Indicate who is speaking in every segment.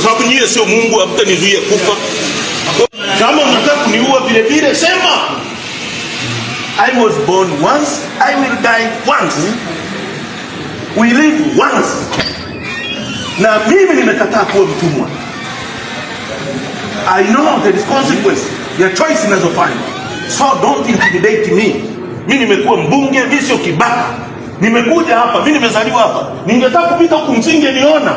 Speaker 1: kwa sababu nyie sio Mungu, hamtanizuia kufa. Kama mnataka kuniua vile vile, sema I was born once, I will die once. We live once. Na mimi nimekataa kuwa mtumwa. I know there consequence ya choice fine. So don't intimidate me. Mimi nimekuwa mbunge, mimi sio kibaka. Nimekuja hapa, mimi nimezaliwa hapa. Ningetaka kupita huku msinge niona.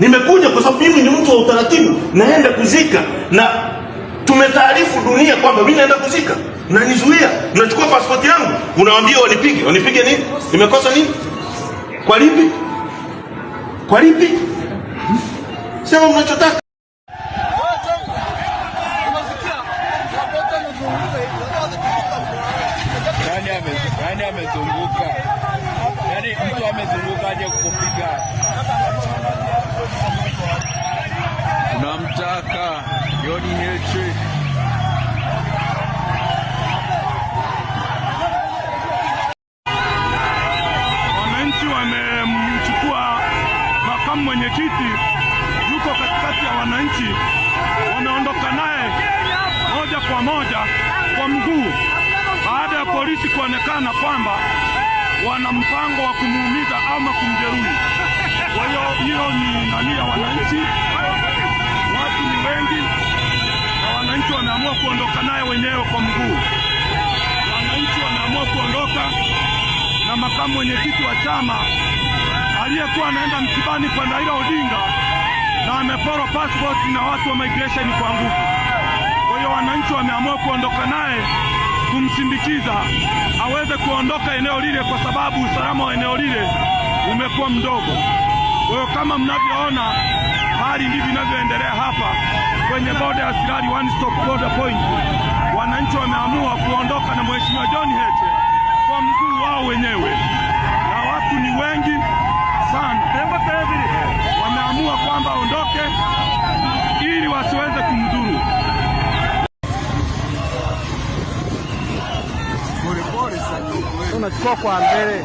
Speaker 1: Nimekuja kwa sababu mimi ni mtu wa utaratibu, naenda kuzika na tumetaarifu dunia kwamba mimi naenda kuzika, nanizuia, nachukua pasipoti yangu, unawaambia wanipige. Wanipige nini? Nimekosa nini? Kwa lipi? Kwa lipi? Sema mnachotaka. Nani amezunguka?
Speaker 2: Baraka, Joni Hiltrich. Wananchi wamemchukua makamu mwenyekiti, yuko katikati ya wananchi, wameondoka naye moja kwa moja kwa mguu, baada ya polisi kuonekana kwamba wana mpango wa kumuumiza ama kumjeruhi. Kwa hiyo hiyo ni nani ya wananchi wananchi wameamua kuondoka naye wenyewe kwa mguu. Wananchi wameamua kuondoka na makamu mwenyekiti wa chama aliyekuwa anaenda msibani kwa Raila Odinga na ameporwa passport na watu wa migration kwa nguvu. Kwa hiyo wananchi wameamua kuondoka naye kumsindikiza aweze kuondoka eneo lile, kwa sababu usalama wa eneo lile umekuwa mdogo. Kwa hiyo kama mnavyoona, hali ndivyo inavyoendelea hapa kwenye boda ya Sirari One Stop Border Point. Wananchi wameamua kuondoka na Mheshimiwa John Heche kwa mguu wao wenyewe, na watu ni wengi sana, wameamua kwamba aondoke ili wasiweze kumdhuru. Tunachukua kwa mbele